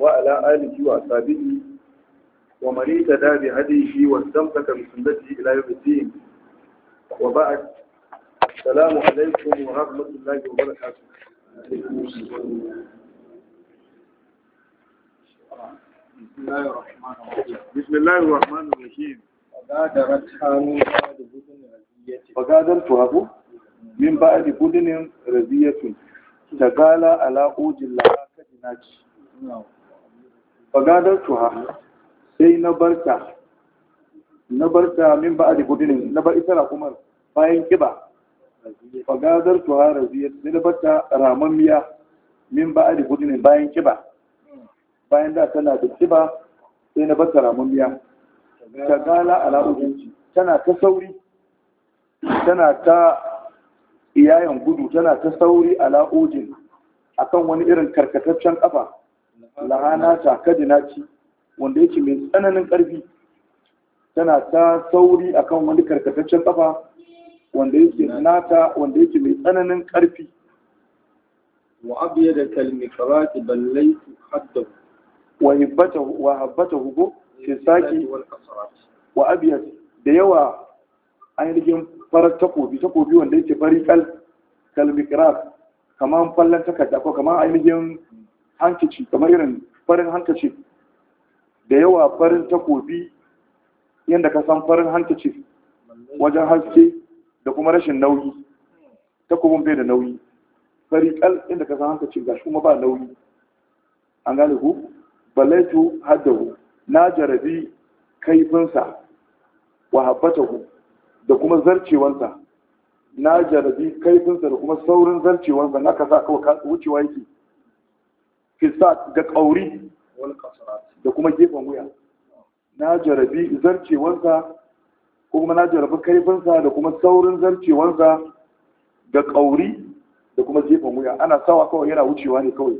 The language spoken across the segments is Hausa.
وعلى آله وأصحابه ومن اهتدى بهديه واستمسك بسنته إلى يوم الدين وبعد السلام عليكم ورحمة الله وبركاته بسم الله الرحمن الرحيم بسم الله الرحمن الرحيم وغادرت حانون بعد بدن رزية وغادرت أبو من بعد بدن رزية تقال على أوج الله كدناج نعم fagadar tuha sai na barta na barta min ba a da na bar isa rakumar bayan kiba fagadar tuha raziya sai na barta ramammiya min ba a da bayan kiba bayan da tana da kiba sai na barta ramammiya shagala ala ujinci tana ta sauri tana ta iyayen gudu tana ta sauri ala ujin akan wani irin karkataccen kafa lahana takadina ci wanda yake mai tsananin ƙarfi tana ta sauri akan wani karkataccen kafa wanda yake nata wanda yake mai tsananin ƙarfi wa abiya da kalmikarati ballai hadda wa hibbata wa habbata hugo ke saki wa abiya da yawa ainihin farar takobi takobi wanda yake fari kal kalmikrat kaman fallan takarda ko kaman ainihin hankici kamar irin farin hankici da yawa farin takobi yadda ka san farin hankici wajen haske da kuma rashin nauyi takobin bai da nauyi fari kal inda ka san hankici ga kuma ba nauyi an gane ku balaitu haddahu na jarabi kaifinsa wa habbatahu da kuma zarcewansa na jarabi kaifinsa da kuma saurin zarcewansa na kasa kawai wucewa yake fisat ga ƙauri da kuma gefen wuya na jarabi zarcewarsa ko kuma na jarabi kaifinsa da kuma saurin zarcewarsa ga ƙauri da kuma gefen wuya ana sawa kawai yana wucewa ne kawai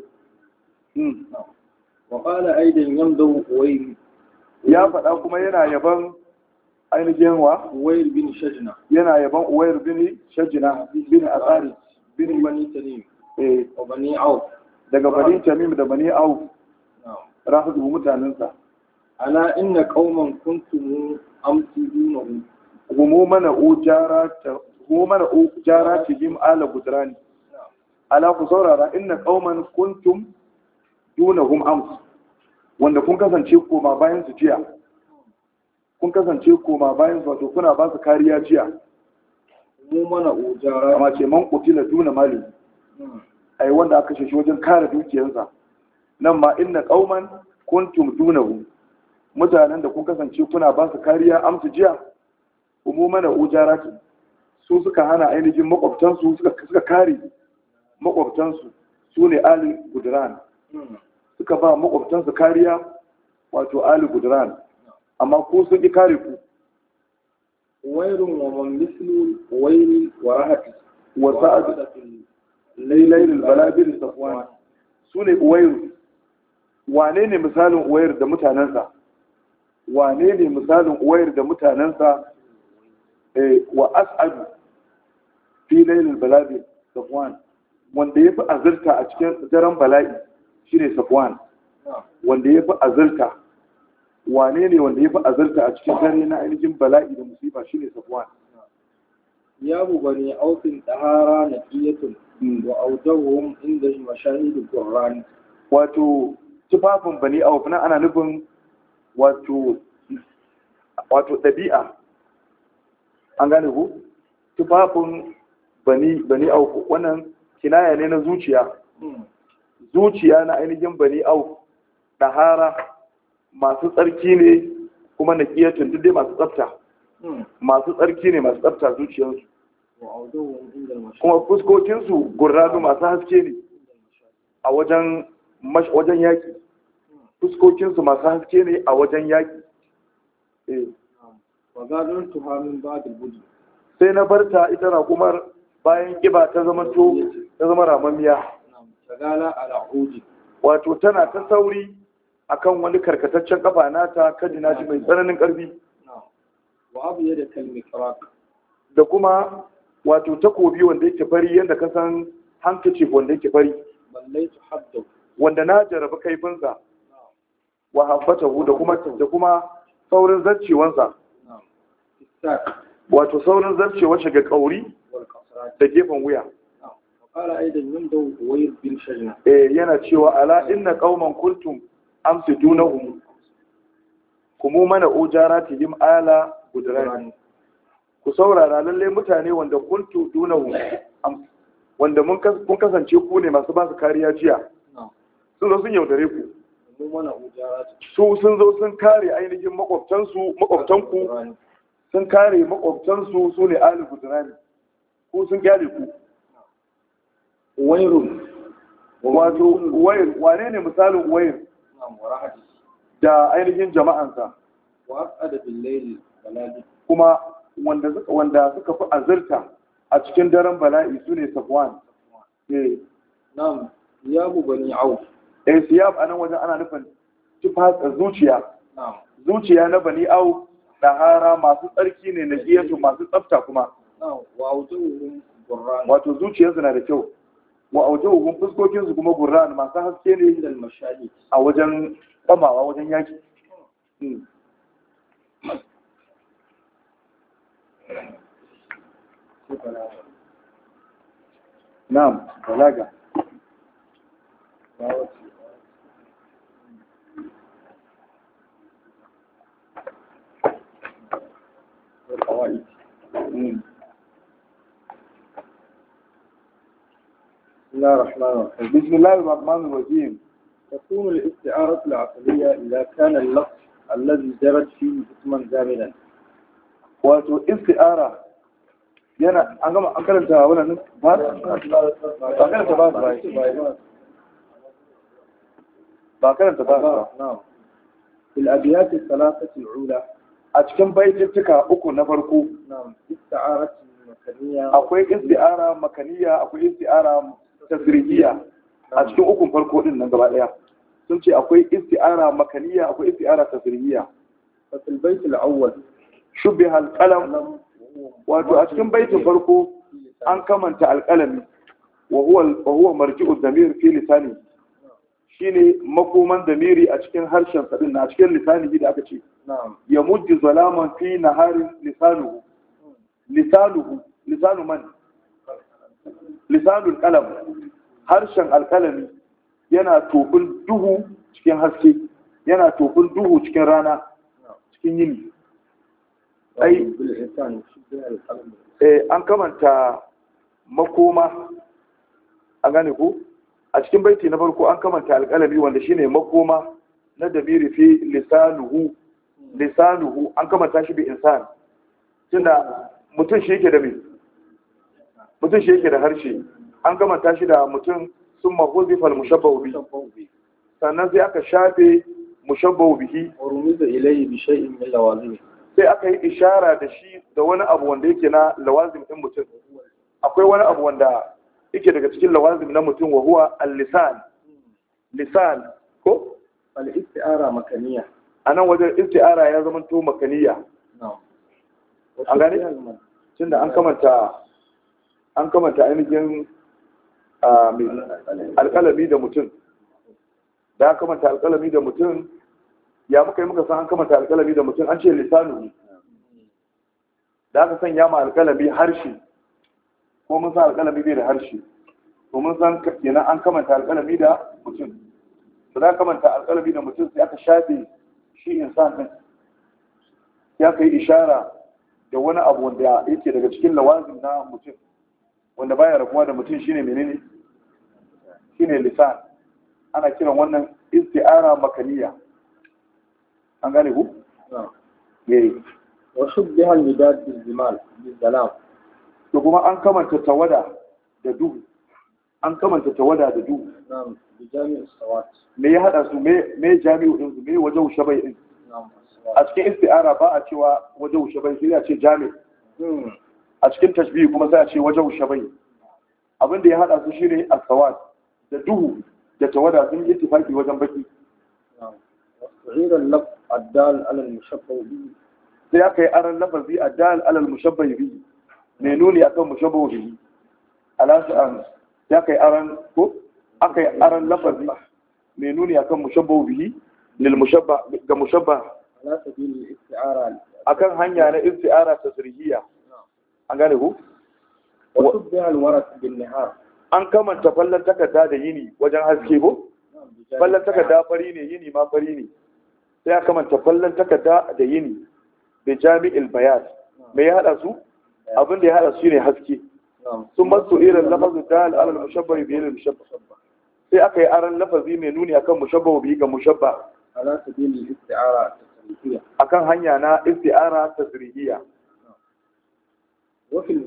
hmm. waƙala aidan yan da ya faɗa kuma yana yaban ainihin wa uwair bin shajina yana yaban wayar bin shajina bin asari bin bani tanim eh bani auf daga bani tamim da bani au rahudu mutanensa ala inna qauman kuntum jarata gumumana mana gumumana jarata jim ala gudrani ala ku saurara inna qauman kuntum dunahum amsu wanda kun kasance koma bayan su jiya kun kasance koma bayan su wato kuna ba su kariya jiya mu mana jarata amma ce man kutila duna mali ai wanda aka kashe shi wajen kare dukiyarsa nan ma inna qauman kuntum dunahu mutanen da kun kasance kuna ba su kariya amsu jiya umuman ce. su suka hana ainihin makwabtansu suka kare makwabtansu su ne ali gudran suka ba makwabtansu kariya wato ali gudran amma ku sun ki kare ku Wairin wa man mislu wa rahati wa sa'ad lailayin balabir safwan su ne uwairu wane ne misalin uwairu da mutanensa wane ne misalin uwairu da mutanensa eh, wa as'adu fi lailin balabir safwan wanda ya fi azurta a cikin daren bala'i shi ne safwan wanda ya fi azurta wane ne wanda ya fi azurta a cikin dare na ainihin bala'i da musifa shi ne safwan ثياب بني أوف طهارة نقية وأوجههم عند المشاهد القرآن wato tufafin bani auf na ana nufin wato ɗabi'a an gane ku tufafin bani bani auf wannan kinaya ne na zuciya hmm. zuciya na ainihin bani auf ɗahara masu tsarki ne kuma na kiyatun duk dai masu tsafta hmm. masu tsarki ne masu tsafta zuciyarsu kuma fuskokinsu gurradu masu haske ne a wajen wajen yaki fuskokinsu masu haske ne a wajen yaki eh. sai na barta ita na kuma bayan kiba ta zama to ta zama ramamiya wato tana ta sauri a kan wani karkataccen kafa nata kaji na mai tsananin ƙarfi, da kuma wato takobi wanda yake fari yadda ka san handkerchief wanda yake fari wanda na jarabi kaifinsa wa habbatahu da kuma da kuma saurin zarcewansa wato saurin zarcewa shiga kauri da gefen wuya eh yana cewa ala inna kultum amsa dunahu kuma mana ujaratihim ala gudrani ku saurara lalle mutane wanda kun kuntu na wanda mun kun kasance ku ne masu ba su kariya jiya sun zo sun yaudare ku su sun zo sun kare ainihin makwabtansu makwabtanku sun kare makwabtansu su ne ali gudunani ku sun gyare ku wairun wato wair wane ne misalin wair da ainihin jama'ansa kuma wanda suka fi azurta a cikin daren bala'i su ne safwan eh. nam siyabu bani au eh siyab anan wajen ana nufin tufa zuciya zuciya na bani au dahara masu tsarki ne na giyatu masu tsafta kuma wato zuciyarsu na da kyau wa aujuhum fuskokinsu kuma gurran masu haske ne a wajen kamawa wajen yaki hmm. نعم بلاغة بسم الله الرحمن الرحيم بسم الله الرحمن الرحيم تكون الاستعارة العقلية إذا كان اللفظ الذي جرت فيه اسما زامنا wato isti'ara yana an gama an karanta wannan ba ba karanta ba ba ba karanta ba ba fil abiyat thalathati ula a cikin baitittuka uku na farko isti'ara makaniya akwai isti'ara makaniya akwai isti'ara tasrihiya a cikin ukun farko din nan gaba daya sun ce akwai isti'ara makaniya akwai isti'ara tasrihiya fasil baitul awwal shubbiha alƙalam wato a cikin baitin farko an kamanta alƙalami, wa huwa wa huwa marji'u dhamir fi lisani shine makoman damiri a cikin harshen sadin na, a cikin lisani da aka ce ya mujji zalaman fi naharin lisanuhu lisanuhu lisanu man lisanul qalam harshen alƙalami yana tofin duhu cikin haske yana tofin duhu cikin rana cikin yini ai eh, an kamanta makoma an gane ku a cikin baiti na farko an kamanta alƙalami wanda shine makoma na dabiri fi lisanuhu lisanuhu an kamanta shi bi insan tunda mutum shi yake da me mutum shi yake da harshe an kamanta shi da mutum sun mahuzifa al-mushabbahu bi sannan sai aka shafe mushabbahu bihi wa rumiza ilayhi bi shay'in min lawazimi sai aka yi ishara da shi da wani abu wanda yake na lawazim ɗin mutum akwai wani abu wanda yake daga cikin lawazim na mutum wa huwa al-lisan lisan ko al-isti'ara makaniya anan wajen isti'ara ya zama to makaniya an gane tunda an kamanta an kamanta ainihin ah, alƙalami da mutum da kamanta alƙalami da mutum ya muka yi muka san an kamata alkalami da mutum an ce lisanu ne da aka sanya ma alkalami harshe ko mun san alkalami bai da harshe to mun san kenan an kamanta alkalami da mutum ba za kamanta alkalami da mutum sai aka shafe shi insan din ya kai ishara da wani abu wanda yake daga cikin lawazin na mutum wanda baya rabuwa da mutum shine menene shine lisan ana kiran wannan isti'ara makaniya an gane ku eh. wa shubbiha ni midad bil jimal bil zalam to kuma an kamanta tawada da duhu an kamanta tawada da duhu na'am sawat me ya hada su me jami'u din su me wajen shabai din a cikin isti'ara ba a cewa wajen shabai sai a ce jami hmm. a cikin tashbihi kuma sai a ce wajen shabai abin da ya hada su shine as-sawat da duhu da tawada sun yi tufafi wajen baki na'am addal alal sai aka yi aran lafazi addal alal nuni akan alasu an sai aka yi aran lafazi nuni akan ga akan hanya na isti'ara an gane ku wa bin nihar an kamanta fallan takarda da yini wajen haske ko fallan takarda fari ne yini ma fari ne sai aka manta kwallon takarda da yini da jami'il bayan me ya hada su abin da ya hada su ne haske sun masu irin lafazin ta al'adar mushabbar yi da mushabba sai aka yi aran lafazi mai nuni akan mushabba biyu ga mushabba a kan akan hanya na isti'ara ta wa fil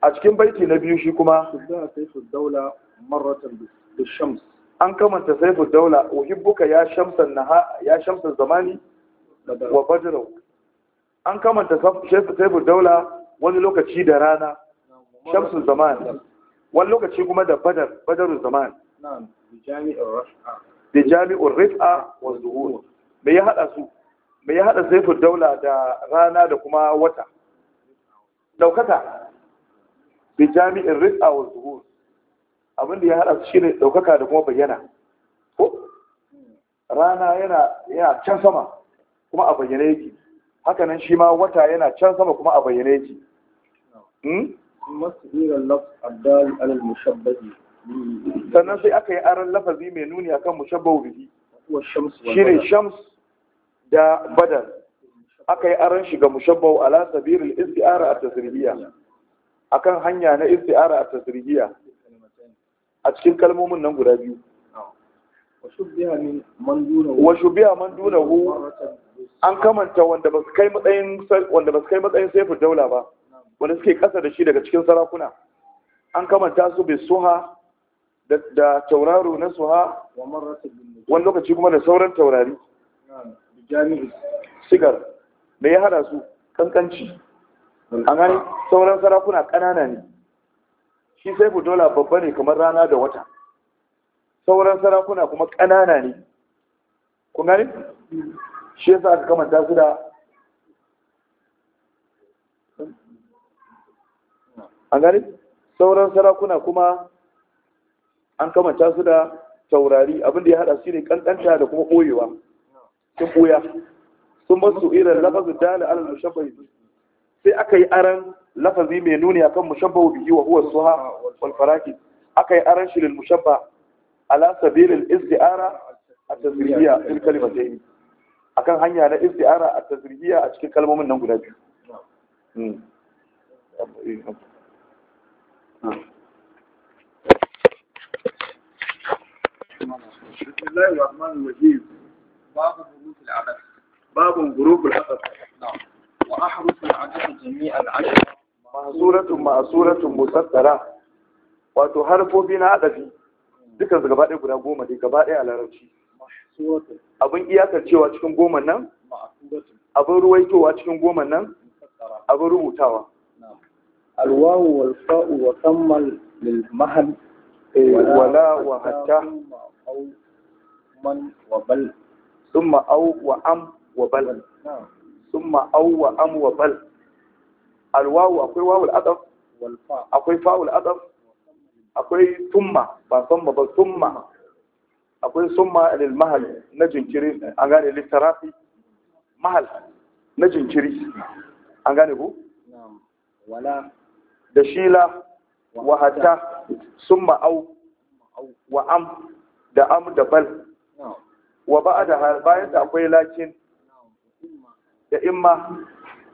a cikin baiti na biyu shi kuma sai su daula marratan bishams an kamanta bu daula uhibbuka ya shamsan ya shamsan zamani wa bajrau an kamanta bu daula wani lokaci da rana shamsun zaman wani lokaci kuma da badar badarun zaman da jami'ur rif'a wa zuhur me ya hada su me ya hada saifin daula da rana da kuma wata daukaka da jami'in rif'a wa zuhur abin da ya hada su shine daukaka da kuma bayyana ko rana yana yana can sama kuma a bayyane yake haka nan shi ma wata yana can sama kuma a bayyane yake hmm? sannan sai aka yi aron lafazi mai nuni akan mushabbau bihi shine shams da badar aka yi aron shi ga mushabbau ala sabiril isti'ara at-tasrihiyya akan hanya na isti'ara at-tasrihiyya a cikin kalmomin nan guda biyu wa biya man duna hu? an kamanta wanda ba su kai matsayin saifin daula ba wanda suke kasa da shi daga cikin sarakuna an kamanta su bai suha da tauraro na suha wani lokaci kuma da sauran taurari sigar da ya hada su kankanci an gani sauran sarakuna ƙanana ne shi sai dola babba ne kamar rana da wata sauran sarakuna kuma ƙanana ne kun gani shi yasa aka kamanta su da an gani sauran sarakuna kuma an kamanta su da taurari abinda ya hada shi ne kankanta da kuma ɓoyewa sun ɓoya sun basu irin lafazin dala alal mushabbahi sai aka yi aran lafazi mai nuni akan mushabbahu biyu, wa huwa suha wal faraki aka yi aran shi lil mushabba ala sabilil isti'ara a tasrihiya fil kalimatayn akan hanya na isti'ara a tasrihiya a cikin kalmomin nan guda biyu بسم الله الرحمن الرحيم باب غروب العبث باب غروب العبث وأحرص العدد جميع العشر مأسورة مسطرة wato harfofi na haɗafi dukkan su gaba ɗaya guda goma ne gaba ɗaya a larabci abin iyakar cewa cikin goma nan abin ruwaitowa cikin goma nan abin rubutawa alwawu wal fa'u wa kammal lil mahal wala wa hatta man wa bal thumma wa am wa bal summa awwa am wa bal alwawu akwai wawul adaf akwai fawul adaf akwai tumma ba summa ba Tumma, akwai summa lil mahal na jinkiri an gane littarafi mahal na jinkiri an gane ku wala da shila wa hatta summa au wa am da am da bal wa ba'da bayan da akwai lakin da imma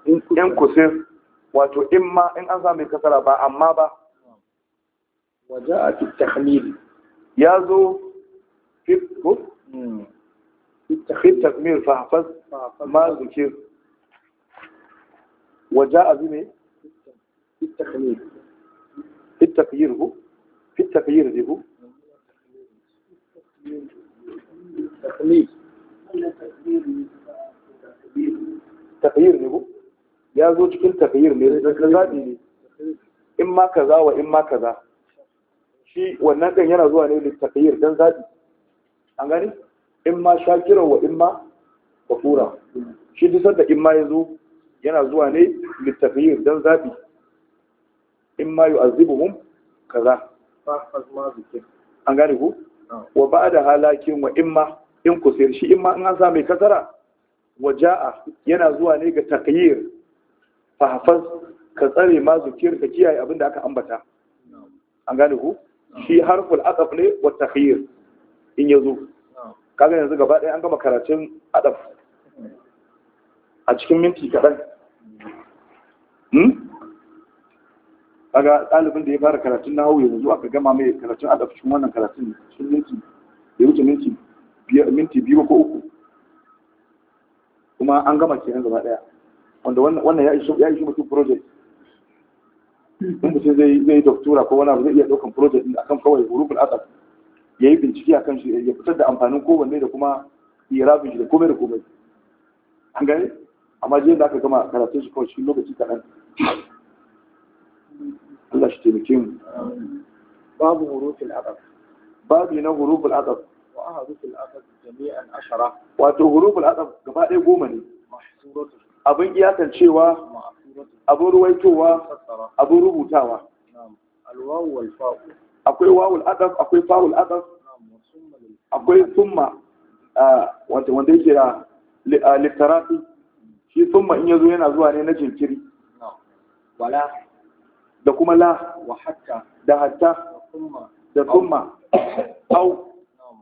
in kusur wato imma in an samu kasara ba amma ba waje a fi ya zo fi hmm. fahafaz ma zikir waje a zine fi takmil hu tafiyir ne ko ya zo cikin tafiyir ne da zaɓi ne in ma kaza wa in ma kaza shi wannan kan yana zuwa ne da tafiyir dan zaɓi an gani in ma shakiran wa in ma kafura shi duk da in ma ya zo yana zuwa ne da tafiyir dan zaɓi in ma yu'azzibuhum kaza an gani ku wa ba'da halakin wa in ma in kusir shi in ma in an sa mai kasara waja'a yana zuwa ne ga taqyir hafaz ka tsare ma zukiyar ka kiyaye abin da aka ambata an gane ku shi harful adaf ne wa takayir in yazo kaga yanzu gaba ɗaya an gama karatun adaf a cikin minti kaɗan hmm? kaga ɗalibin da ya fara karatun na hauye yanzu aka gama mai karatun adaf cikin wannan karatun cikin minti ya wuce minti biyu ko uku kuma an gama nan gaba daya wanda wannan ya yi ya mutum project in mutum zai yi doctora ko wani abu zai iya ɗaukan project din akan kawai ya yi binciki bincike akan shi ya fitar da amfanin kowanne da kuma irabin shi da komai da komai an gani. amma jiya da aka gama karatun shi kawai cikin lokaci kaɗan Allah shi taimake mu babu hurufin asab babu na hurufin asab harufin asaf jami'an ashara wato gaba ɗaya goma ne abin iyakancewa abin ruwaitowa abin rubutawa akwai wawul adaf akwai fawul adaf akwai summa wanda wanda yake da shi summa in yazo yana zuwa ne na jinkiri wala da kuma la wa hatta da hatta da summa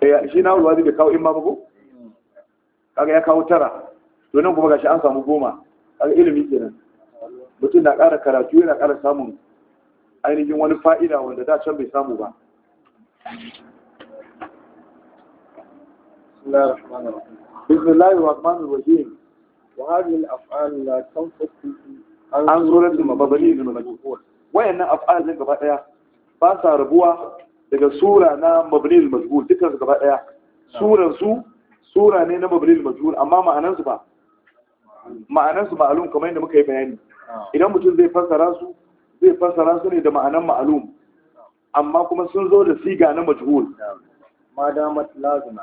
ya eh, shi na wuri wazi bai kawo imma babu? kaga ya kawo tara donin kuma gashi an samu goma ga ilimi ke nan mutum na ƙara karatu yana ƙara samun ainihin wani fa'ida wanda da can bai samu ba bismillahi rahman rahim wa hadhihi al af'al la tanfutu an zuratu mababani min al-qur'an wa yanna af'al gaba daya ba sa rabuwa daga sura na mabril mazhur dukkan su gaba daya sura su sura ne na mabril mazhur amma ma'anan su ba ma'anan su ma'alum kamar yadda muka yi bayani idan mutum zai fassara su zai fassara su ne da ma'anan ma'alum, amma kuma sun zo da siga na majhul madamat lazima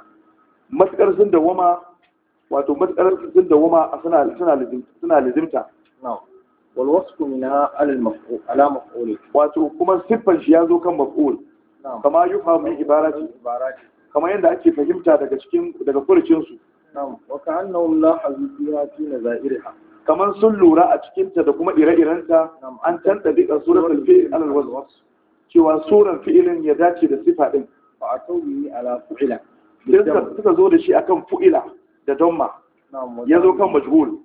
matakar sun dawama wato matakar sun dawama wama suna suna lizimta wal wasfu mina ala maf'ul ala maf'ul wato kuma ya zo kan maf'ul kama yufhamu min ibarati ibarati kama yanda ake fahimta daga cikin daga furucin su na'am wa ka'annahum sun lura a cikinta da kuma ire ta. an tanda dika suratul fi'il ala wasf cewa suran fi'ilin ya dace da sifa din fa atawi ala fu'ila suka zo da shi akan fu'ila da damma ya zo kan majhul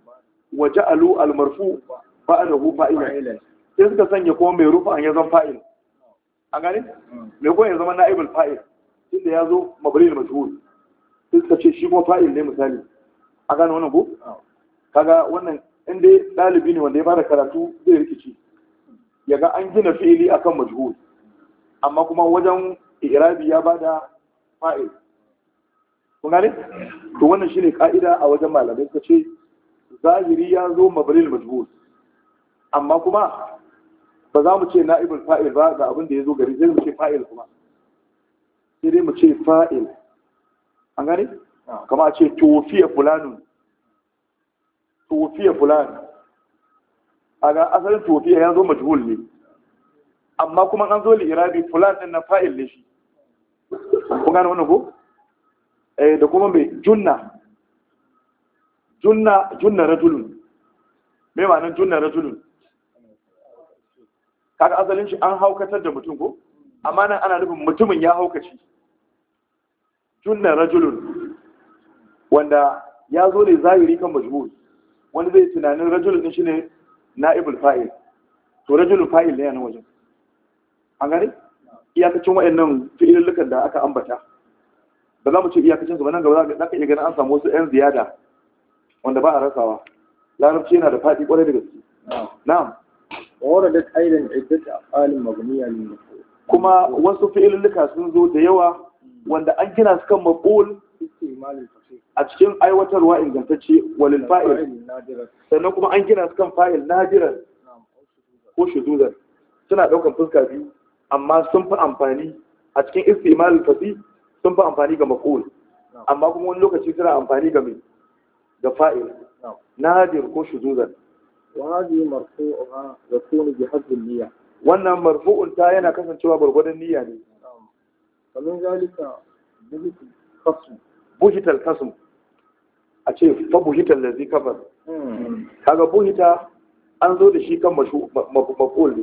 wa ja'alu al marfu fa'alahu fa'ilan sai suka sanya kuma mai rufa an ya zama fa'il an gane mm. mai kuma ya zama na'ibul fa'il inda ya zo mabari da majhul sai suka ce shi kuma fa'il ne misali A gane wannan ko oh. kaga wannan in dai ɗalibi ne wanda ya fara karatu zai rikici ya ga an gina fi'ili akan majhul amma kuma wajen irabi ya bada fa'il kun gane to wannan shine ka'ida a wajen malamai suka ce zahiri ya zo mabari da majhul amma kuma ba za mu ce na'ibul fa'il ba ga abin da ya zo gari zai mu ce fa'il kuma sai dai mu ce fa'il an gani? Ah. kama a ce tofiya fulanun tofiya fulani a ga asalin tofiya ya zo majhul ne amma kuma an zo li'irabi fulan din na fa'il ne shi kun gane wannan ko eh da kuma mai junna junna junna rajulun me ma'anar junna rajulun kaga azalin shi an haukatar da mutum ko amma nan ana nufin mutumin ya haukaci junna rajulun wanda ya zo ne zahiri kan majhul wani zai tunanin rajulun din shine na'ibul fa'il to rajulun fa'il ne a nan wajen an gane iyakacin wayannan fi'ilulukan da aka ambata ba za mu ce iyakacin su ba nan gaba za ka iya ganin an samu wasu yan ziyada wanda ba a rasawa larabci yana da faɗi kwarai da gaske na'am وردت أيضا عدة أفعال مبنية Kuma wasu وصف sun zo da yawa wanda an gina su kan maqul a cikin aiwatarwa ingantacce walil fa'il sannan kuma an gina su kan fa'il nadiran ko shududan suna daukan fuska amma sun fi amfani a cikin istimal fasi sun fi amfani ga maqul amma kuma wani lokaci suna amfani ga mai ga fa'il nadir ko shududan وهذه مرفوعها يكون بحسب النية wannan marfu'un yana kasancewa gwargwadon niyya ne kamar zalika buhital kasum a ce fa buhital da zai kafar kaga buhita an zo da shi kan makul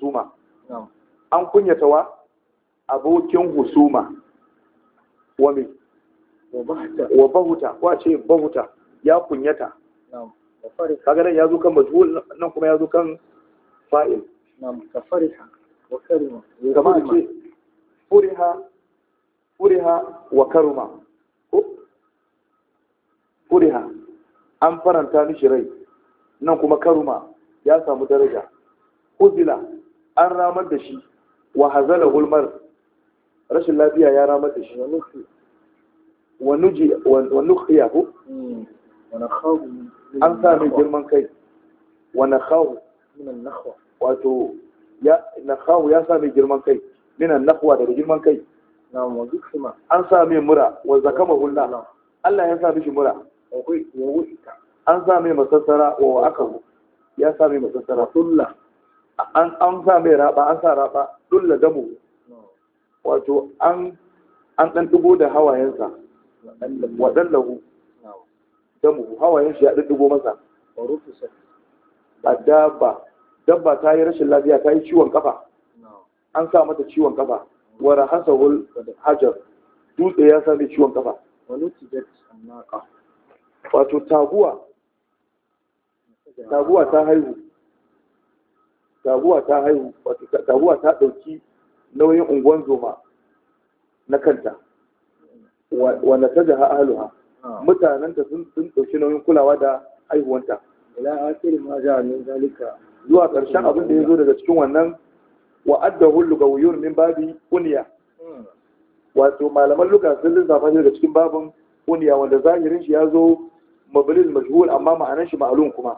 ne an kunyata wa abokin husuma wa ce bahuta ya kunyata kaga nan ya zo kan majhul nan kuma ya zo kan fa'il kama ce furiha furiha wa karuma furiha an faranta mishi rai nan kuma karuma ya samu daraja Kudila, an ramar da shi wa hazala hulmar rashin lafiya ya ramar da shi wa nukiya ko hmm. an sami girman kai wa nakhahu minan nakhwa wato ya nakhahu ya sa mai girman kai minan nakhwa daga girman kai na'am wa zikma an sa mai mura wa zakama hulla Allah ya sa shi mura an sa mai masassara wa akahu ya sa mai masassara sulla an an sa mai raba an sa raba dulla damu wato an an dan dubo da hawayensa wa dallahu damu hawayen shi ya diddigo masa adaba dabba ta yi rashin lafiya ta yi ciwon kafa an sa mata ciwon kafa wara wul hajar dutse ya sami ciwon kafa wato taguwa taguwa ta haihu taguwa ta haihu wato taguwa ta ɗauki nauyin unguwan zoma na kanta wa jaha aluha. mutanenta sun ɗauki nauyin kulawa da haihuwanta ila ma min zalika zuwa ƙarshen abin da ya zo daga cikin wannan wa ga wuyur min babi kuniya, wato malaman luka sun lissafa daga cikin babin kuniya, wanda zahirin shi ya zo mabilis majhul amma ma'anar shi ma'alun kuma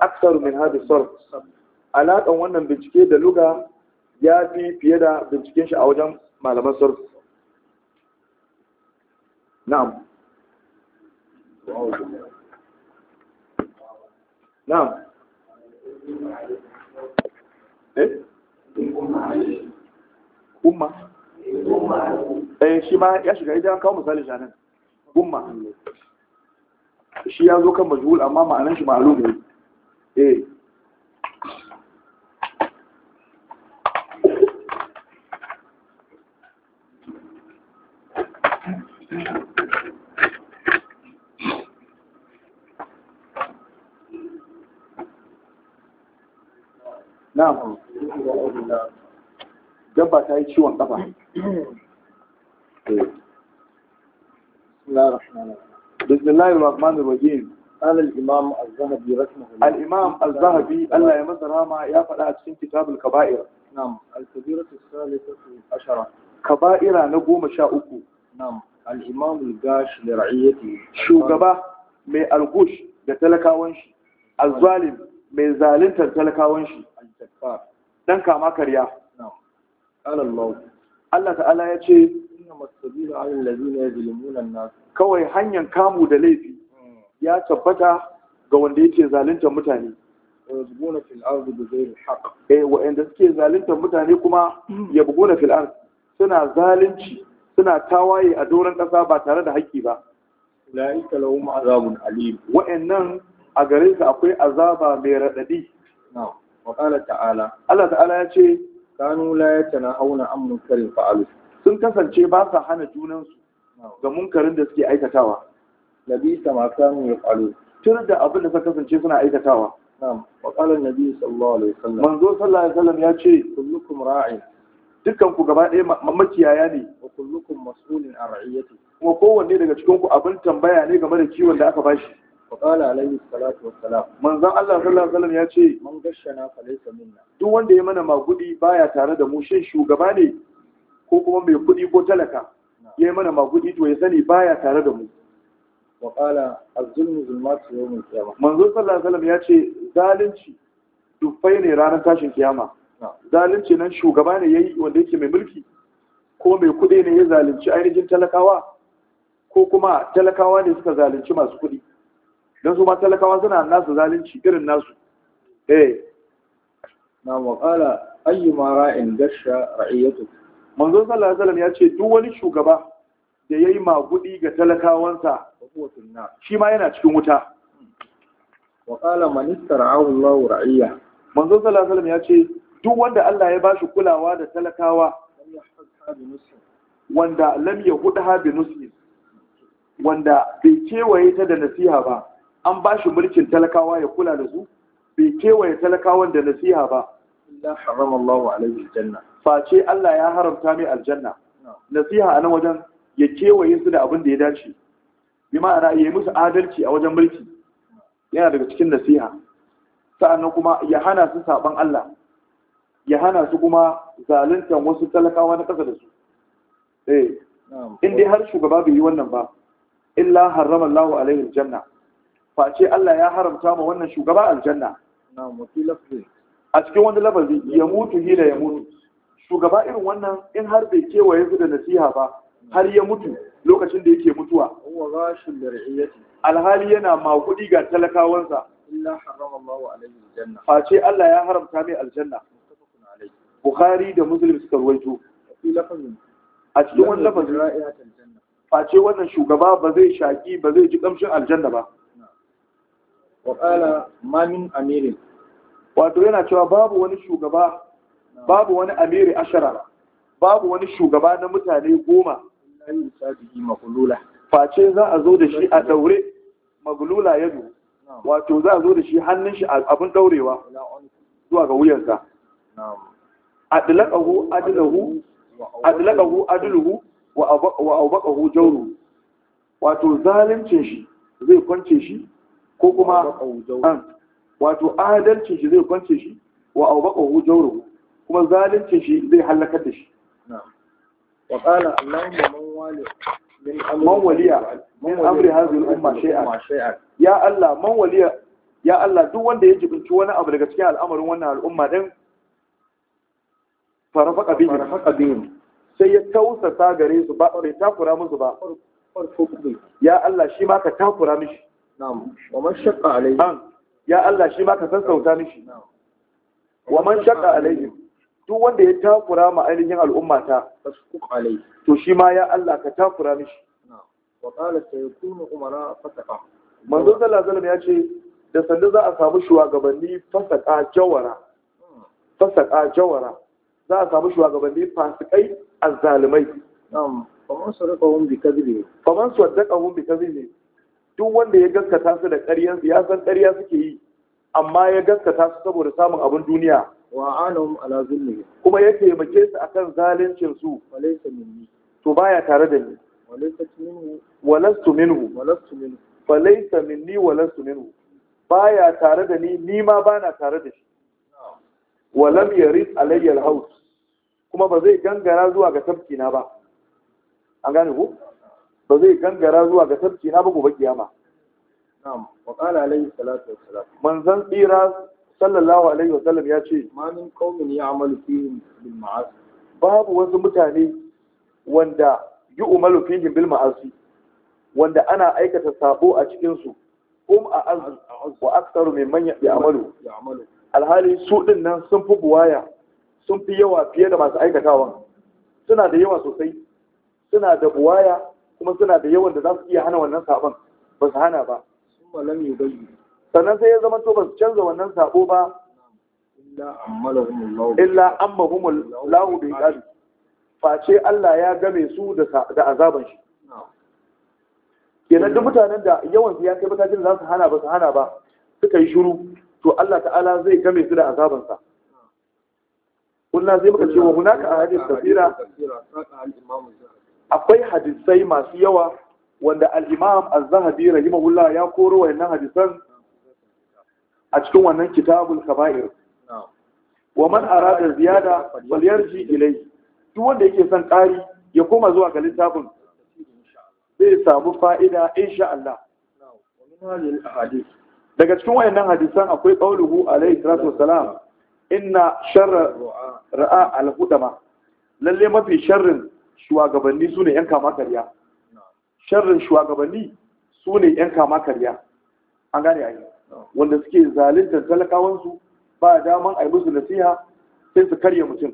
aksaru min hadis sarf alaƙan wannan bincike da luga ya fi fiye da binciken shi a wajen malaman sarf na'am na'am eh umma eh shi ma ya shiga idan kawo misali shanan umma shi ya zo kan majhul amma ma'anar shi ma'lum na'am dabba ta yi ciwon kafa بسم الله الرحمن قال الإمام الذهبي رحمه الله الإمام الذهبي الله يمزر هما يفعل أتسين كتاب الكبائر نعم الكبيرة الثالثة عشرة كبائر نقوم شاؤكو نعم الإمام القاش لرعيته شو قبا من القوش لتلكا ونشي الظالم من ظالم تلكا ونشي dan kama karya qala Allah Allah ta'ala ya ce inna masabilu 'alal ladina yazlimuna an-nas kawai hanyar kamu da laifi ya tabbata ga wanda yake zalunta mutane yabguna fil ardi bighayri haqq eh inda suke zalunta mutane kuma hmm. yabguna fil ardi suna zalunci suna tawaye a doron kasa ba tare da haƙƙi ba la'ika lahum azabun alim wa'annan a gare su akwai azaba mai radadi na'am qala ta'ala Allah ta'ala ya ce kanu la yatanahawna an munkarin fa'alu sun kasance ba sa hana junansu ga munkarin da suke aikatawa nabi sama kanu yaqalu tun da abin da suka kasance suna aikatawa na'am wa qala nabi sallallahu alaihi wasallam manzo sallallahu alaihi wasallam ya ce kullukum ra'in dukkan ku gaba ɗaya makiyaya ne wa kullukum mas'ulun an ra'iyati kuma kowanne daga cikin ku abin tambaya ne game da kiwon da aka bashi فقال عليه الصلاة والسلام من ذا الله صلى الله عليه وسلم يأتي من غشنا فليس منا wanda ya mana magudi baya tare da mu shin shugaba ne ko kuma mai kudi ko talaka ya mana magudi to ya sani baya tare da mu wa qala az-zulmu zulmatu yawm al-qiyamah manzo sallallahu ya ce zalunci dufai ne ranar tashin kiyama zalunci nan shugaba ne yayi wanda yake mai mulki ko mai kudi ne ya zalunci ainihin talakawa ko kuma talakawa ne suka zalunci masu kuɗi. don su ma talakawa suna nasu zalunci irin nasu eh na maƙala mara in gasha ra'iyatu manzon sallallahu alaihi wasallam ya ce duk wani shugaba da yayi magudi ga talakawansa shi ma yana cikin wuta wa qala man istara'ahu Allahu manzon sallallahu alaihi wasallam ya ce duk wanda Allah ya bashi kulawa da talakawa wanda lam yahudha bi muslim wanda bai kewaye ta da nasiha ba an ba shi mulkin talakawa ya kula da su bai kewaye talakawan da nasiha ba illa wa alaihi aljanna face Allah ya haramta mai aljanna nasiha a nan wajen ya kewaye su da abin da ya dace bi ma'ana ya yi musu adalci a wajen mulki yana daga cikin nasiha sa'annan kuma ya hana su saban Allah ya hana su kuma zaluntar wasu talakawa na kasa da su eh in dai har shugaba bai yi wannan ba illa wa alaihi aljanna face Allah ya haramta ma wannan shugaba aljanna a cikin wani lafazi ya mutu hila ya mutu shugaba irin wannan in har bai kewaye su da nasiha ba har ya mutu lokacin da yake mutuwa alhali yana makudi ga talakawansa face Allah ya haramta mai aljanna Bukhari da Muslim suka ruwaito a cikin wani lafazi face wannan shugaba ba zai shaƙi ba zai ji ƙamshin aljanna ba waƙala mamin amirin wato yana cewa babu wani shugaba babu wani amiri ashara babu wani shugaba na mutane goma face za a zo da shi a daure maglula zo, wato za a zo da shi hannun shi abin daurewa zuwa ga wuyarsa a adluhu adlaqahu adluhu wa abaqahu jauru wato zalincin shi zai kwance shi ko kuma ah, wato adalcin shi zai kwance shi wa aubaqahu jawruhu kuma zalincin shi zai halakar da shi wa qala allahumma man wali min waliya min amri hadhihi al-umma shay'an ya allah man waliya ya allah duk wanda ya jibinci wani abu daga cikin al'amarin wannan al'umma din farafaka bihi farafaka bihi sai ya tausasa gare su ba bai takura musu ba ya allah shi ma ka takura mishi na'am wa alaihim an ya Allah shi ma ka sassauta mishi wa man shaqqa alaihim duk wanda ya takura ma ainihin al'umma ta tasquq alaihi to shi ma ya Allah ka takura mishi wa qala sayakunu umara fataqa manzo sallallahu alaihi ya ce da sanda za a samu shugabanni fasaka jawara hmm. fasaka jawara za a samu shugabanni fasikai azzalimai na'am fa man sadaqa hum bi kadhibi fa man sadaqa hum bi kadhibi duk wanda ya gaskata su da ƙaryansu su ya san ƙarya suke yi amma ya gaskata su saboda samun abin duniya wa ala zulmi kuma ya taimake su akan zalincin su walaysa minni to baya tare da ni walaysa minhu walastu minhu walastu minhu falaysa minni walastu minhu baya tare da ni ni ma bana tare da shi walam yarid alayya alhaus kuma ba zai gangara zuwa ga tafki na ba an gane ku ba zai gangara zuwa ga tafki na ba kiyama na'am wa qala alayhi salatu wassalam manzon tsira sallallahu alaihi sallam ya ce ma min qaumin ya'malu fihim bil ma'asi babu wasu mutane wanda yu'malu fihim bil ma'asi wanda ana aikata sabo a cikin su um a wa aktaru mimman ya'malu alhali su din nan sun fi buwaya sun fi yawa fiye da masu aikatawan suna da yawa sosai suna da buwaya kuma suna da yawan da za su iya hana wannan sabon ba su hana ba sannan sai ya zama to ba su canza wannan sabo ba illa amma mahimmin lahu bi face Allah ya game su da azaban shi yanar da mutanen da yawan su ya kai matakin za su hana ba su hana ba suka yi shiru to Allah ta'ala zai game su da azabansa. sa kullum maka cewa ce wa a ahadith tafira. akwai hadisai masu yawa wanda al-imam az-zahabi rahimahullah ya koro wannan hadisan a cikin wannan kitabul kaba'ir wa man arada ziyada falyarji ilai duk wanda yake son ƙari ya koma zuwa ga littafin zai samu fa'ida insha Allah daga cikin wayannan hadisan akwai qauluhu alayhi salatu wassalam inna sharra ra'a al-hudama lalle mafi sharrin shugabanni su ne 'yan kama karya sharrin shugabanni su ne 'yan kama karya an gane a wanda suke zalintar talakawansu ba daman a yi musu nasiha sai su karya mutum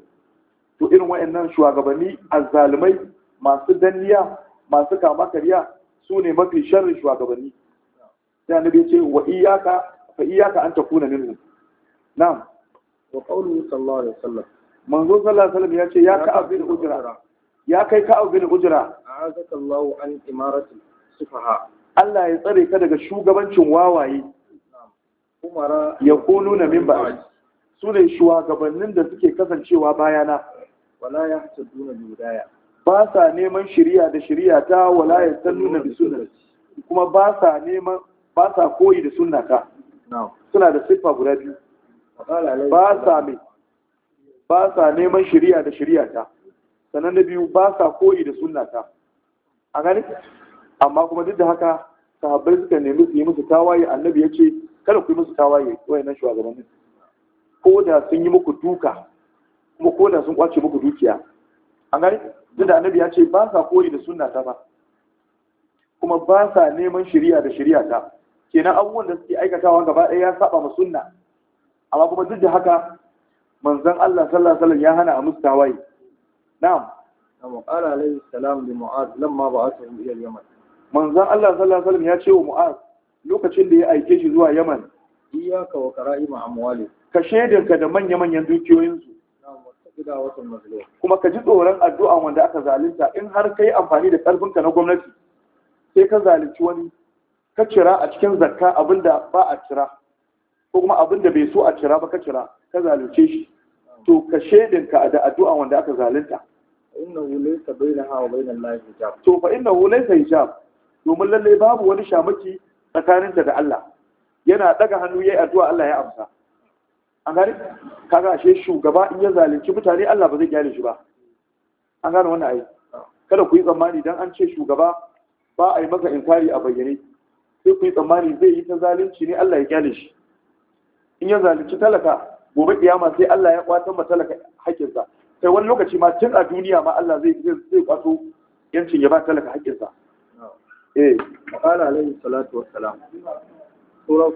to irin wayannan shugabanni zalimai masu danniya masu kama karya su ne mafi sharrin shugabanni sai nabi ce wa iyaka fa iyaka an takuna minhu na'am wa qawluhu sallallahu alaihi wasallam manzo sallallahu alaihi wasallam ya ce ya ka abin ujra ya kai ka bin ujra a'azaka an imaratul sufaha Allah ya tsare ka daga shugabancin wawaye umara na min ba'd su ne shugabannin da suke kasancewa bayana wala yahtaduna bi ba sa neman shiriya da shiriya ta wala yahtaduna bi sunnati kuma ba sa neman ba sa koyi da sunnata suna da siffa guda biyu ba sa ne ba sa neman shiriya da shiriya ta sannan na biyu ba sa koyi da ta a gani amma kuma duk da haka sahabbai suka nemi su yi musu tawaye annabi ya ce kada ku yi musu tawaye wayannan shugabannin ko da sun yi muku duka kuma ko da sun kwace muku dukiya an gani duk da annabi ya ce ba sa koyi da ta ba kuma ba sa neman shari'a da shari'a ta kenan abubuwan da suke aikatawa gaba ɗaya ya saba ma sunna amma kuma duk da haka manzon Allah sallallahu alaihi wasallam ya hana a musu tawaye na'am na'am qala alayhi salam li mu'az lamma ba'athahu ila al-yaman manzon Allah sallallahu alaihi wasallam ya ce wa mu'az lokacin da ya aike shi zuwa yaman iyyaka wa kara'ima amwali ka shaidarka da manya manyan dukiyoyinsu kuma ka ji tsoron addu'a wanda aka zalunta in har ka yi amfani da karfinka na gwamnati sai ka zalunci wani ka cira a cikin zakka abin da ba a cira ko kuma abin da bai so a cira ba ka cira ka zalunce shi to ka shaidinka da addu'a wanda aka zalunta innahu laysa bainaha wa bainal lahi hijab to fa innahu domin lalle babu wani shamaki tsakaninta da Allah yana daga hannu yayi addu'a Allah ya amsa an gani kaga ashe shugaba in ya zalunci mutane Allah ba zai gyara shi ba an gani wannan ai kada ku yi tsammani dan an ce shugaba ba a yi maka inquiry a bayyane sai ku yi tsammani zai yi ta zalunci ne Allah ya gyara shi in ya zalunci talaka gobe kiyama sai Allah ya kwatar ma talaka hakkinsa kai wani lokaci ma tun a duniya ma Allah zai zai kwato yancin ya ba talaka haƙƙinsa eh qala alaihi salatu wassalam sura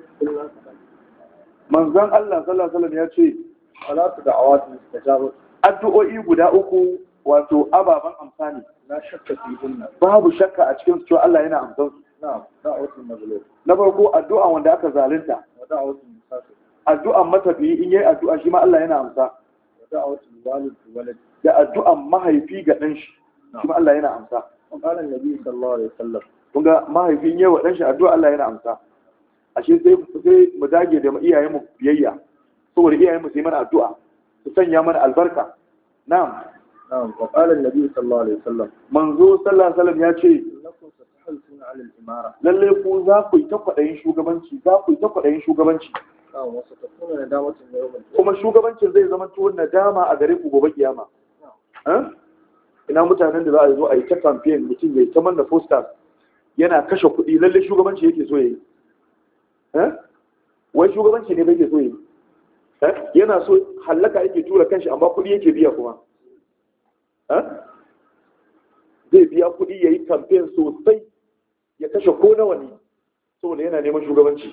manzon Allah sallallahu alaihi wasallam ya ce salatu addu'o'i guda uku wato ababan amfani shakka fi hunna babu shakka a cikin su Allah yana amsan su na'am na farko addu'a wanda aka zalunta da'awatul musafir addu'a matafiyi in yayi addu'a shi ma Allah yana amsa da addu'an mahaifi ga dan shi kuma Allah yana amsa kun qala annabi sallallahu alaihi wasallam kun ga mahaifin yawa dan shi addu'a Allah yana amsa ashe sai sai mu dage da iyayen mu biyayya saboda iyayen mu sai mana addu'a su sanya mana albarka na'am na'am kun qala annabi sallallahu alaihi wasallam manzo sallallahu alaihi wasallam ya ce lalle ku za ku yi ta kwaɗayin shugabanci za ku yi ta kwaɗayin shugabanci kuma shugabancin zai zama tuwon nadama a gare ku gobe kiyama ina mutanen da za a zo a yi ta campaign mutum ya yi ta manna posters yana kashe kuɗi lalle shugabanci yake so ya yi wai shugabanci ne bai ke so ya yi yana so hallaka yake tura kanshi amma kuɗi yake biya kuma zai biya kuɗi ya yi campaign sosai ya kashe ko nawa ne saboda yana neman shugabanci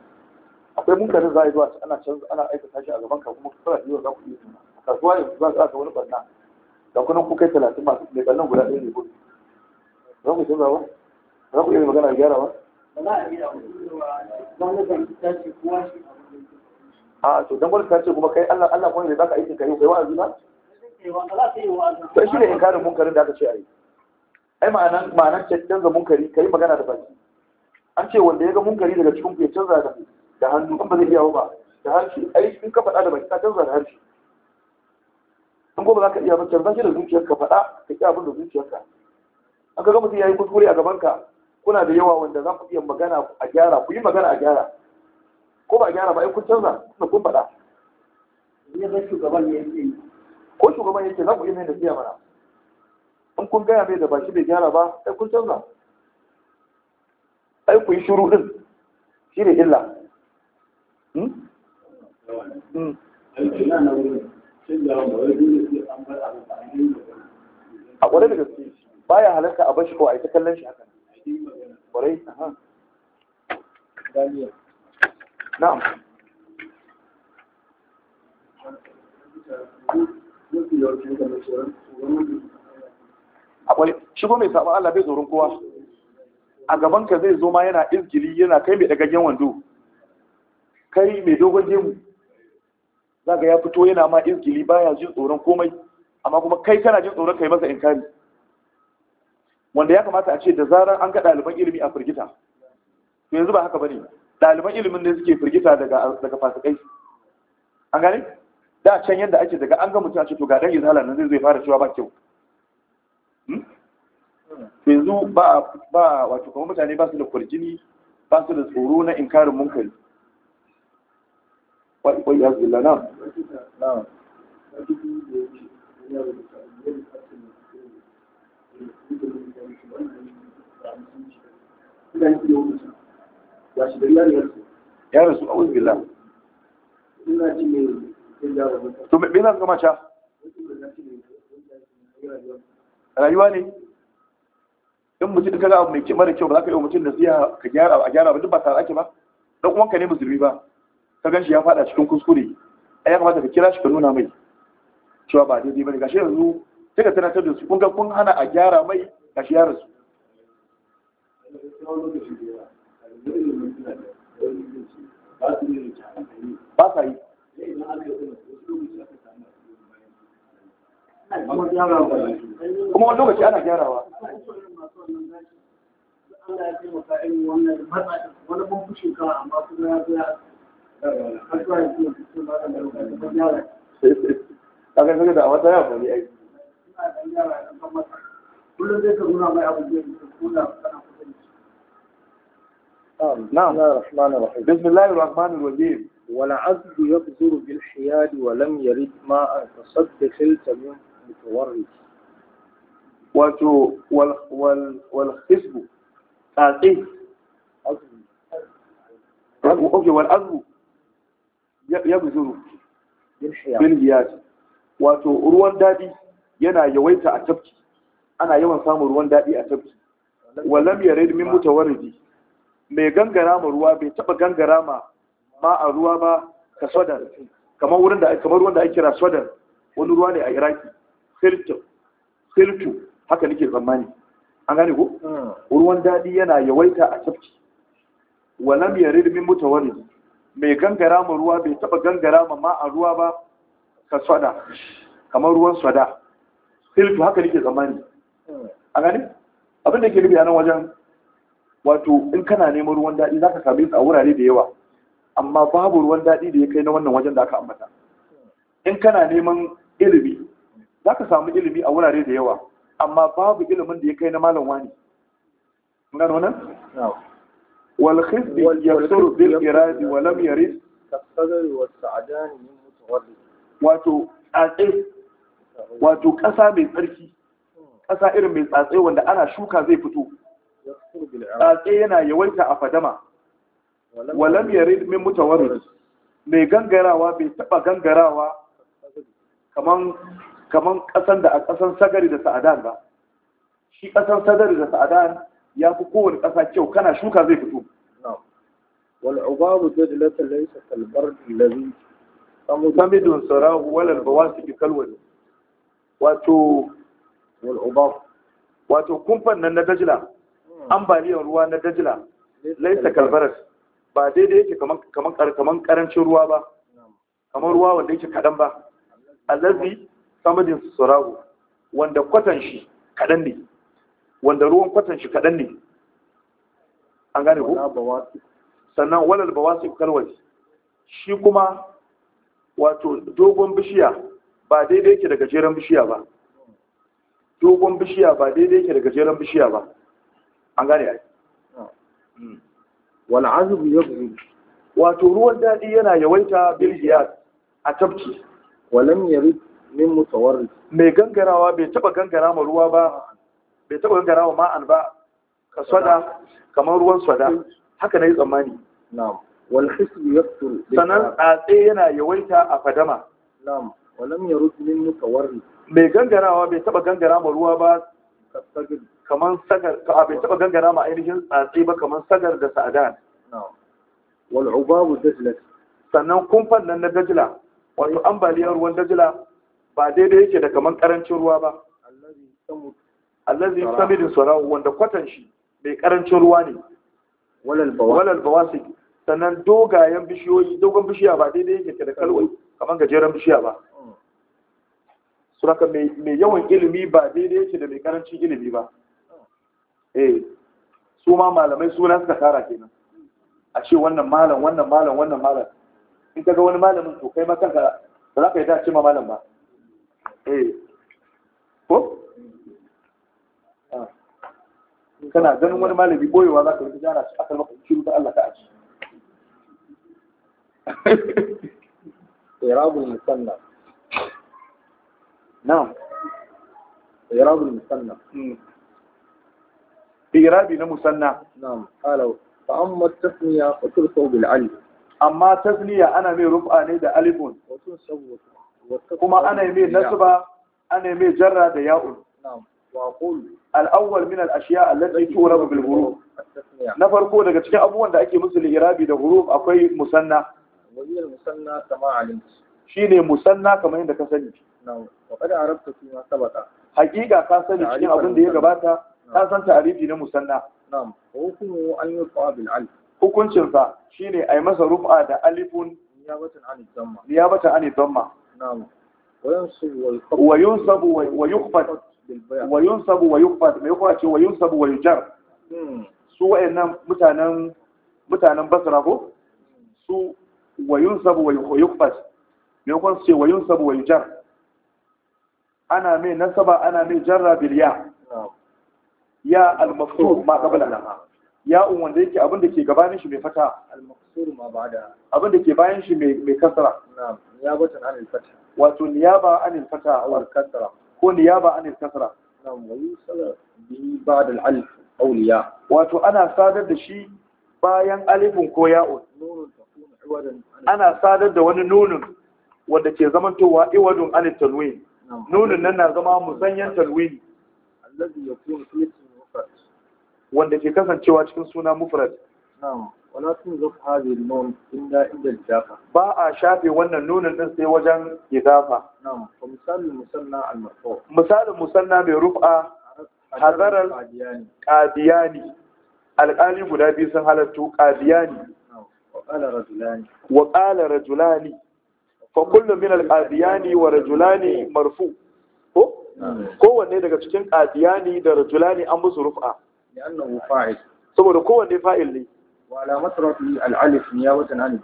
akwai munkarin za a yi zuwa ana canza ana aikata shi a gaban ka kuma kana iya za ku iya kasuwa yanzu za ka wani barna da kunan ku kai talatin masu mai barnan guda ɗaya ne ko za ku canza ba za ku iya magana a gyara ba a to dan gwamnati ta ce kuma kai Allah Allah kuma ne za ka aiki kai kai wa'azi na to shi ne inkarin munkarin da aka ce a yi ai ma'ana ce canza munkari kai magana da baki an ce wanda ya ga munkari daga cikin ku ya canza da baki da hannu kuma zai yawo ba da harshe ai in ka faɗa da baki ka canza da harshe an ko ba za ka iya ba canza shi da zuciyarka faɗa ka ƙi abin da zuciyarka an ka ga mutum yayi kuskure a gabanka kuna da yawa wanda za ku iya magana a gyara ku yi magana a gyara ko ba a gyara ba ai kun canza kuma kun faɗa ko shugaban yake za ku iya mai da siya mana in kun gaya mai da ba shi bai gyara ba ai kun canza ai ku yi shiru din shi ne illa Hmm? Hmm. a ƙwarai da gaske baya halarta a bashi ko a yi ta kallon shi haka ƙwarai na'am akwai shi ko mai saɓa Allah bai tsoron kowa a gaban ka zai zo ma yana izgili yana kai mai gyan wando kai mai dogon gemu za ga ya fito yana ma izgili baya jin tsoron komai amma kuma kai kana jin tsoron kai masa inkari wanda ya kamata a ce da zarar an ga ɗaliban ilimi a firgita to yanzu ba haka bane ɗaliban ilimin ne suke firgita daga daga fasikai an gane da can yadda ake daga an ga mutum a ce to ga dan izala nan zai fara cewa ba kyau hmm? yanzu ba ba wato kuma mutane ba su da kwarjini ba su da tsoro na inkarin munkari wai ya zula na ya rasu a wuzin billah to me za su in mutum kaga abu mai kyau ba za ka yi wa mutum da siya ka gyara a gyara ba duk ba tare ake ba don uwanka ne musulmi ba ka gan shi ya fada cikin kuskure ai ya kamata ka kira shi ka nuna mai cewa ba daidai bane gashi yanzu sai ka tunatar da su kun ga kun hana a gyara mai gashi ya rasu ba sa yi kuma wani lokaci ana gyarawa wani amma kuma ya zo kaga kaga da wata ya bari ai kullum zai ka nuna mai abu zai kula kana نعم بسم الله الرحمن الرحيم بسم الله الرحمن الرحيم والعبد يبذر بالحياد ولم يرد ماء فصدق التميم متورد wato walhisbu tsatsi ok wal'azu ya buzuru bin hiyat wato ruwan dadi yana yawaita a tafki ana yawan samun ruwan dadi a tafki ya rai min mutawarridi mai gangara ma ruwa bai taba gangara ma ma a ruwa ba ka sodar kamar wurin da kamar ruwan da ake kira sodar wani ruwa ne a iraki khiltu khiltu haka nake zamani. an gane ko hmm. ruwan dadi yana yawaita a tafki ya rai min mutawarridi mai gangara ma ruwa bai taba gangara ma ma a ruwa ba ka swada kamar ruwan swada silfu haka nike zamani a gani abin da ke nufi yanar wajen wato in kana neman ruwan daɗi za ka sami a wurare da yawa amma babu ruwan daɗi da ya kai na wannan wajen da aka ambata in kana neman ilimi za ka samu ilimi a wurare da yawa amma babu ilimin da ya kai na malam wani gano nan? والخفض يكثر بالإراد ولم يرد كالصدر والسعدان من متغرد واتو أتف واتو كسا من تركي كسا إرم من أتف وأن أنا شوكا زي فتو أتف ينا يويتا أفدما ولم يرد من متغرد mai gangarawa bai taba gangarawa kaman kaman kasan da a kasan sagari da sa'adan ba shi kasan sagari da sa'adan ya fi kowane ƙasa kyau kana shuka zai fito والعباب دجلة ليس كالبرد الذي فمتمد سراه ولا البواسك na واتو والعباب واتو na ba daidai yake kaman karancin ruwa ba kamar ruwa wanda yake kaɗan ba A allazi samadin surahu wanda kwatan shi kaɗan ne wanda ruwan kwatan shi kaɗan ne an gane ku sannan walal bawasi kalwali shi kuma wato dogon bishiya ba daidai yake da gajeren bishiya ba dogon bishiya ba daidai yake da gajeren bishiya ba an gane ai ah. wal ya yabzu wato ruwan dadi yana yawaita bilgiya a tabki walam yari min mutawarrid mai gangarawa bai taba gangara ma ruwa ba bai taɓa gangara wa ma'an ba ka swada kamar ruwan swada haka na yi tsammani Sannan hisbi tsatse yana yawaita a fadama mai gangarawa bai taɓa gangara ma ruwa ba kamar sagar bai taɓa gangara ma ainihin tsatse ba kamar sagar da sa'adan sannan kumfan nan na dajila wato ambaliyar ruwan dajila ba daidai yake da kamar karancin ruwa ba allazi samidin sarahu wanda kwatan shi mai karancin ruwa ne walal bawasi sannan dogayen bishiyoyi dogon bishiya ba daidai yake da kalwai kamar gajeren bishiya ba hmm. suraka mai yawan ilimi ba daidai yake da mai karancin ilimi ba hmm. eh su ma malamai suna suka tara kenan a ce wannan malam wannan malam wannan malam in ka ga wani malamin to kai makanka ba za ka yi dace ma malam ba eh ko kana ganin wani malami boyewa za ka rufe jana shi aka maka shiru da Allah ka aji irabul na'am irabul hmm. irabi na musanna na'am qala fa amma tasniya fa bil amma tasniya ana mai rufa ne da alifun kuma ana mai nasba ana mai jarra da ya'un na'am وأقول الأول من الأشياء التي تورب بالغروب Na farko, daga cikin abubuwan da ake musu irabi da huruf akwai musanna wajiyar musanna kama alimtu musanna kamar yadda ka sani hakika ka sani cikin abin da ya gabata ka san tarihi na musanna na'am hukumu an yuqa bil alif ai masa rufa da alifun niyabatan ani dhamma niyabatan an dhamma na'am wa yansabu wa sabu wa yukfat mai kuma ce wa sabu wayu jar? su wayannan mutanen mutanen basra ko su sabu yunsabu wa yukfat mai kuma ce wa sabu wayu jar? ana mai nasaba ana mai jarra bil ya ya al-mafsur ma qabla ya un wanda yake abin da ke gabanin shi mai fata al mafsur ma ba'da abin da ke bayan shi mai kasara na'am niyabatan anil fata wato niyaba anil fata wal kasara ko niyaba anil kasra nam wato ana sadar da shi bayan alifin ko ya'un ana sadar da wani nunun wanda ke zamantowa iwadun alif talwin nunun nan na zama musanyen talwin wanda ke kasancewa cikin suna mufrad wala tunzaf hadhihi al-nun illa inda al-jafa ba a shafe wannan nunin din sai wajen idafa na'am fa misalul musanna al-marfu misalul musanna mai rufa hazar al-qadiyani alƙali guda biyu sun halattu qadiyani wa rajulani min wa rajulani ko kowanne daga cikin ƙadiyani da rajulani an musu rufa saboda kowanne fa'il ne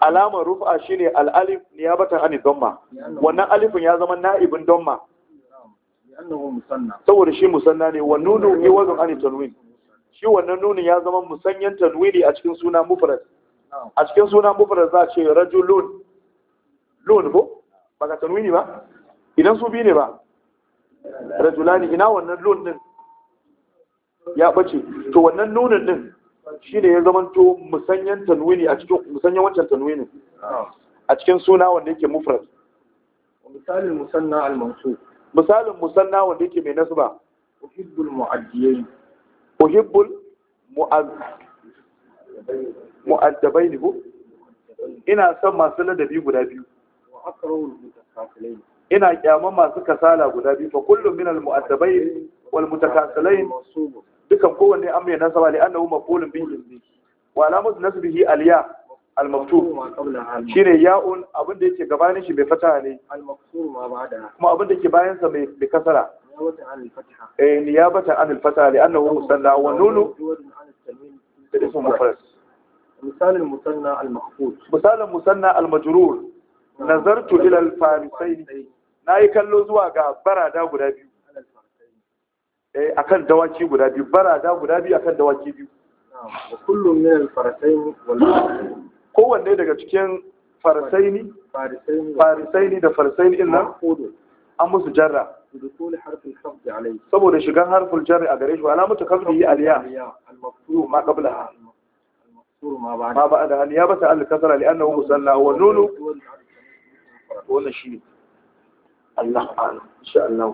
alamar rufa shi ne al'alif niyabatan ani domma wannan alifin ya zama na'ibin domma saboda shi musanna ne wa nunu ne wazin ani tanwin shi wannan nunin ya zama musanyen tanwini a cikin suna mufarar a cikin suna mufarar za a ce rajulun lun ko ba ka tanwini ba idan su bi ne ba rajulani ina wannan lun din ya bace to wannan nunin din shine ya zamanto musanyan tanwini a cikin musanyan wancan tanwini a cikin suna wanda yake mufrad misalin musanna al-mansub misalin musanna wanda yake mai nasba uhibbul mu'addiyain uhibbul mu'ad mu'addabain bu ina son masu ladabi guda biyu wa akrahul mutakafilain ina kyaman masu kasala guda biyu fa kullu min al-mu'addabain wal mutakasilain dukan kowanne an mai nasaba li annahu maqulun bihi wa alamatu nasbihi aliya al-maktub shine ya'un abin da yake gabanin shi bai fata ne kuma abin da yake bayan sa bai kasara eh niyabata an alfata li annahu musalla wa nunu ismu mufrad مثال المثنى المخفوض مثال المثنى المجرور نظرت الى الفارسين ناي kallo zuwa ga barada guda biyu Eh, akan dawaki guda biyu barada guda biyu akan dawaki biyu kullum min al-farasain wal kowanne daga cikin farasaini farisaini da farisaini din nan an musu jarra saboda shigan harful jarri a gare shi wala mata kafdi aliya al maqsuru ma qablaha ma ba'da hal ya bata al-kasra li'annahu musalla wa nunu wannan shi Allah insha Allah